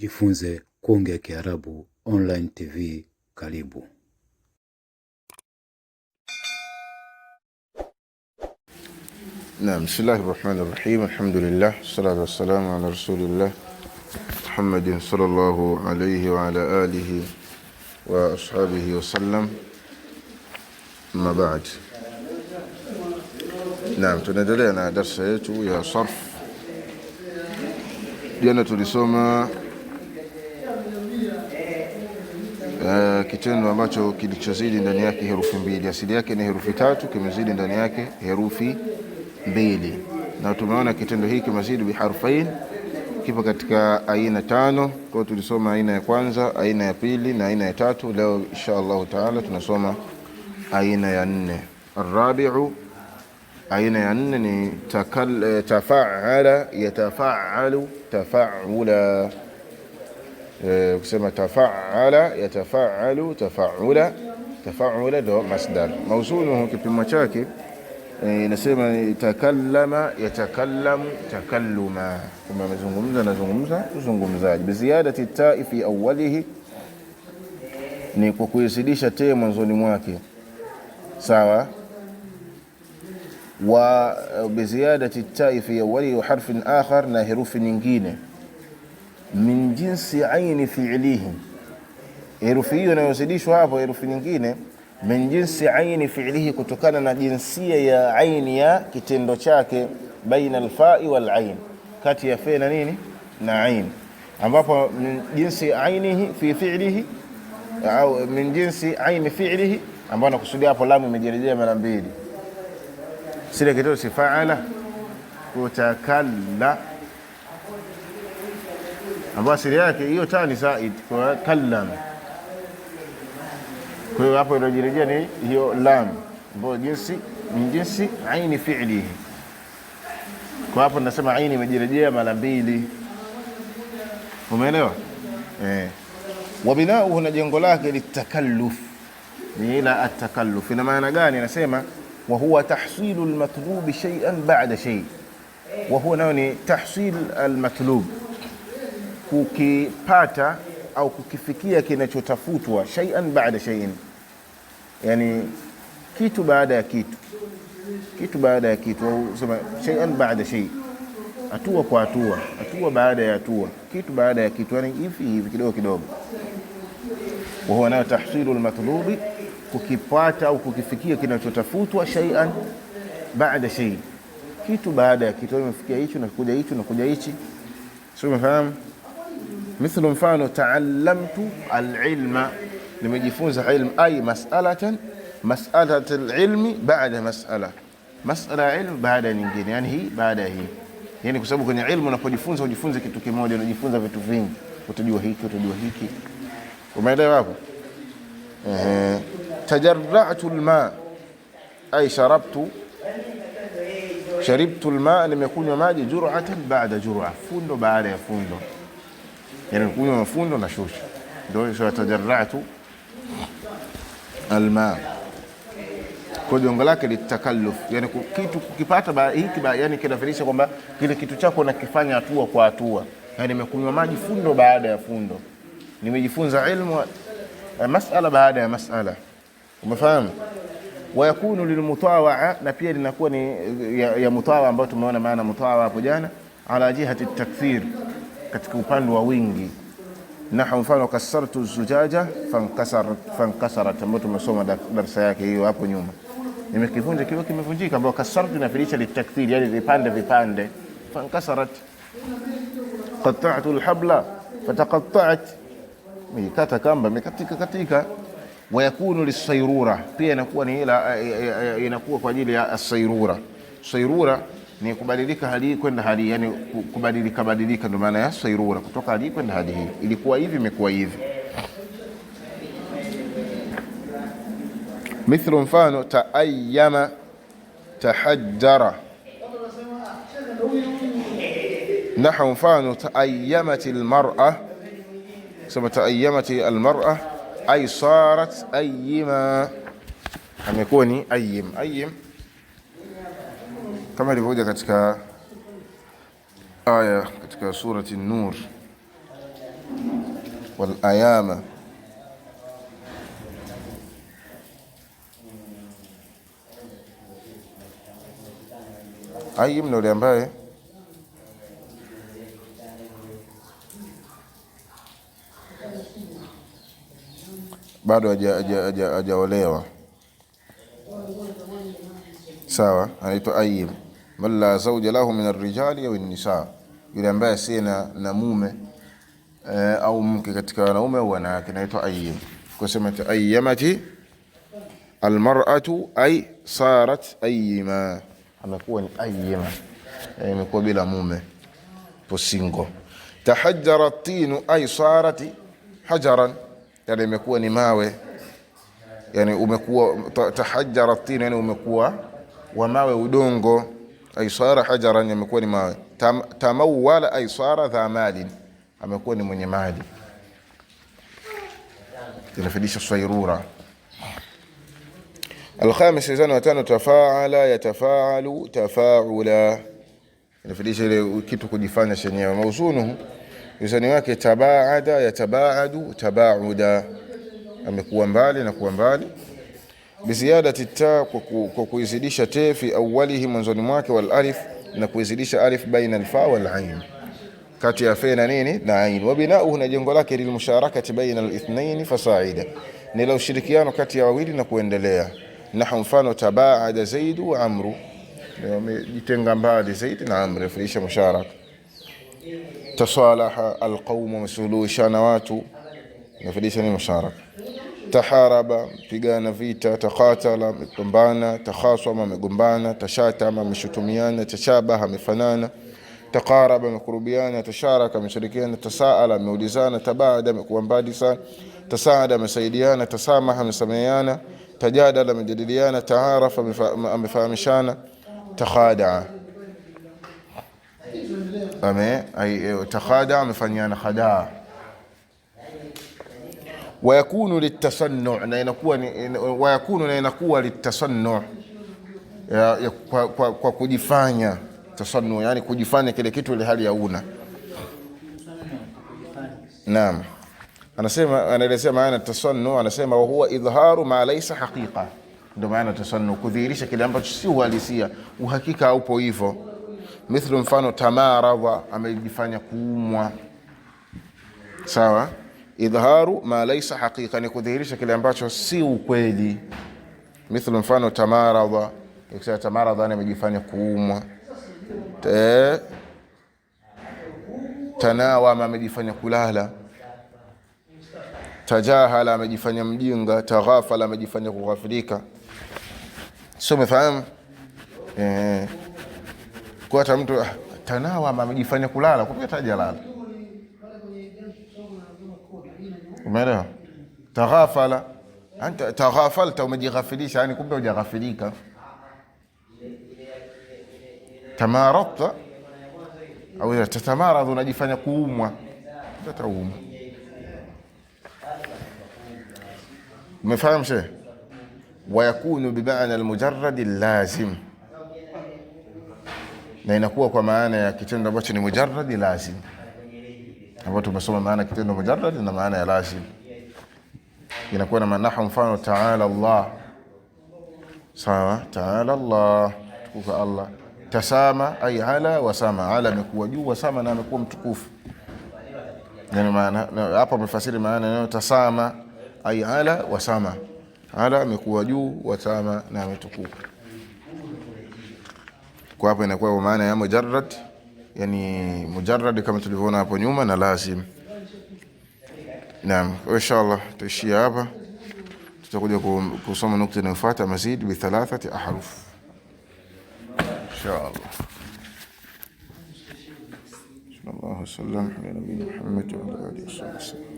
Jifunze Kuongea Kiarabu Online TV karibu. Naam, bismillahi rahmani rahim, alhamdulillah salatu wassalamu ala rasulillah Muhammadin sallallahu alayhi wa ala alihi wa ashabihi wasallam, amma baad. Naam, tunaendelea na darsa yetu ya sarf. Jana tulisoma Eh, kitendo ambacho kilichozidi ndani yake herufi mbili, asili yake ni herufi tatu, kimezidi ndani yake herufi mbili, na tumeona kitendo hiki kimezidi biharfain kipo katika aina tano. Kwa tulisoma aina ya kwanza, aina ya pili na aina ya tatu. Leo insha Allahu taala tunasoma aina ya nne, arabiu. Aina ya nne ni eh, tafaala, yatafaalu tafaula Eh, kusema tafaala yatafaalu tafaula tafaula ndo masdar. Mausulu kipimo chake eh, inasema takallama yatakallamu takalluma, kama amezungumza anazungumza uzungumzaji. Biziadati tai fi awalihi, ni kwa kuizidisha te mwanzoni mwake, sawa wa eh, biziadati tai fi awalihi wa harfin akhar, na herufi nyingine min jinsi aini fiilihim, herufi hiyo inayozidishwa hapo herufi nyingine, min jinsi aini fiilihi, kutokana na jinsia ya aini ya kitendo chake, baina alfai wal ain, kati ya fe na nini na ain, ambapo min jinsi ainihi fi fiilihi au min jinsi aini fiilihi, ambapo nakusudia hapo lamu imejerejea mara mbili, sile kitendo sifaala kutakalla ambayo asili yake hiyo ta ni said kwa kallam. Kwa hiyo hapo inajirejea ni hiyo lam ambayo jinsi ni jinsi aini fi'lihi. Kwa hapo nasema aini imejirejea mara mbili, umeelewa eh? wa binauhu na jengo lake litakalluf ni ila atakalluf. Ina maana gani? Anasema wa huwa tahsilu almatlubi shay'an ba'da shay, wa huwa nayo ni tahsil almatlub kukipata au kukifikia kinachotafutwa, shay'an baada shay'in, yani kitu baada ya kitu, kitu baada ya kitu, au sema shay'an baada shay, hatua kwa hatua, hatua baada ya hatua, kitu baada ya kitu, yani hivi hivi kidogo kidogo. Wa huwa nayo tahsilu almatlubi, kukipata au kukifikia kinachotafutwa, shay'an baada shay, kitu baada ya kitu, yaani umefikia hicho na kuja hicho na kuja hichi, sio? Umefahamu? Mithlu, mfano taallamtu alilma, nimejifunza ilmu. Ay masalatan masalat alilmi baada masala, masala ya ilmu baada nyingine, yani hii baada hii, yani kwa sababu kwenye ilmu unapojifunza ujifunze kitu kimoja, unajifunza vitu vingi, utajua hiki, utajua hiki. Umeelewa hapo? tajarratu alma ay sharabtu sharibtu lma nimekunywa maji, jur'atan baada jur'a, fundo baada ya fundo yani kunywa mafundo na shusha, ndio sio tajarratu alma kwa jongo lake litakalluf, yani kitu kukipata hiki yani kinafirisha kwamba kile kitu chako nakifanya hatua kwa hatua, yani nimekunywa maji fundo baada ya fundo, nimejifunza ilmu masala baada ya masala, umefahamu wayakunu lilmutawaa na pia linakuwa ni ya, ya mutawa ambayo tumeona maana mutawa hapo jana, ala jihati takthir katika upande wa wingi, nahu mfano kasartu zujaja fankasarat, ambayo tumesoma darsa yake hiyo hapo nyuma. Nimekivunja kiwe kimevunjika, ambao kasartu inafilisha litakthiri, yani vipande vipande. Fankasarat qata'tu alhabla fataqatta'at, mikata kamba mikatika katika wayakunu lisairura, pia inakuwa ni ila eh, eh, eh, inakuwa kwa ajili ya asairura sairura ni kubadilika hali hii kwenda hali yani kubadilika badilika, ndio maana ya sairura, kutoka hali hii kwenda hali hii. Ilikuwa hivi, imekuwa hivi. Mithlu, mfano taayama, tahajjara. Nahu, mfano taayamati almar'a, kusema taayamati almar'a ay sarat ayima, amekuwa ni ayim ayim kama ilivyoja katika aya katika surati Nur, wal ayama ayi mna ule ambaye bado hajaolewa sawa, anaitwa ayim man la zauja lahu min arrijali au nisa, yule ambaye asiye na, na mume e, au mke katika wanaume au wanawake, naitwa ayyim. Kwa ta ayyamati almar'atu ay sarat ayyima, amekuwa ni ayyima, eh, imekuwa bila mume posingo. Tahajjara tinu ay sarati hajaran, yani imekuwa ni mawe, yani umekuwa tahajjara tinu, yani umekuwa wa mawe udongo aisara hajaran, amekuwa ni mawe. Tam, tamawala aisara dha mali, amekuwa ni mwenye mali. Inafidisha sairura. Alkhamis izani wa tafaala yatafaalu tafaula, inafidisha ile kitu kujifanya chenyewe. Mauzunuhu uzani wake tabaada yatabaadu tabauda, amekuwa mbali na kuwa mbali biziadati ta kwa kuizidisha te fi awalihi mwanzoni mwake, wal alif na kuizidisha alif baina alfa wal ain kati ya fe na nini na ain, wa binauhu na jengo lake, lil musharakati baina al ithnain fasaida, ni la ushirikiano kati ya wawili na kuendelea. Nahu mfano tabaada zaidu wa amru, wamejitenga mbali zaidi na amru, furisha musharaka. Tasalaha alqaumu, wamesuluhishana watu, nafidisha ni musharaka taharaba mpigana vita, takatala mepambana takhasama amegombana, tashatama ameshutumiana, tashabaha amefanana, takaraba, amekurubiana, tasharaka ameshirikiana, tasaala ameulizana, tabaada amekuwa mbali sana, tasaada amesaidiana, tasamaha amesameheana, tajadala amejadiliana, taarafa amefahamishana, takhadaa eh, takhada amefanyana khadaa wayakunu litasannu na inakuwa wayakunu na inakuwa ya, kwa, kwa, kwa kujifanya tasannu, yani kujifanya kile kitu ile hali ya una. Naam, anasema anaelezea maana tasannu, anasema wa huwa idharu ma laysa haqiqa, ndio maana tasannu, kudhihirisha kile ambacho si uhalisia, uhakika haupo hivyo. Mithlu mfano, wa amejifanya kuumwa, sawa idharu ma laisa haqiqa, ni kudhihirisha kile ambacho si ukweli. Mithlu, mfano tamaradha, ikisema tamaradha ni amejifanya kuumwa. Tanawama, amejifanya kulala. Tajahala, amejifanya mjinga. Taghafala, amejifanya kughafilika. Sio, umefahamu eh? Kwa hata mtu ah, tanawama, amejifanya kulala, kumbe tajalala Umeelewa? Taghafala anta taghafalta, umejighafilisha. Yani kumbe hujaghafilika. Tamaradta au tatamaradhu, unajifanya kuumwa, tataumwa. Umefahamu shehe? Wayakunu bimaana almujarradi lazim, na inakuwa kwa maana ya kitendo ambacho ni mujarradi lazim, ambayo tumesoma maana kitendo mujarradi na maana ya lazim inakuwa na manaha, mfano taala Allah, sawa, taala Allah, tukufu Allah. Tasama ay ala wasama, ala amekuwa juu, wasama na amekuwa mtukufu. Yani maana maana neno tasama ay ala wasama, ala amekuwa juu, wasama na ametukufu. Kwa hapo inakuwa maana ya mujarrad, yani mujarrad kama tulivyoona hapo nyuma na lazim نعم وإن شاء الله الشيابة تقول كوصوم نقطة نفاتة مزيد بثلاثة أحرف إن شاء الله صلى الله وسلم على نبينا محمد وعلى آله وصحبه وسلم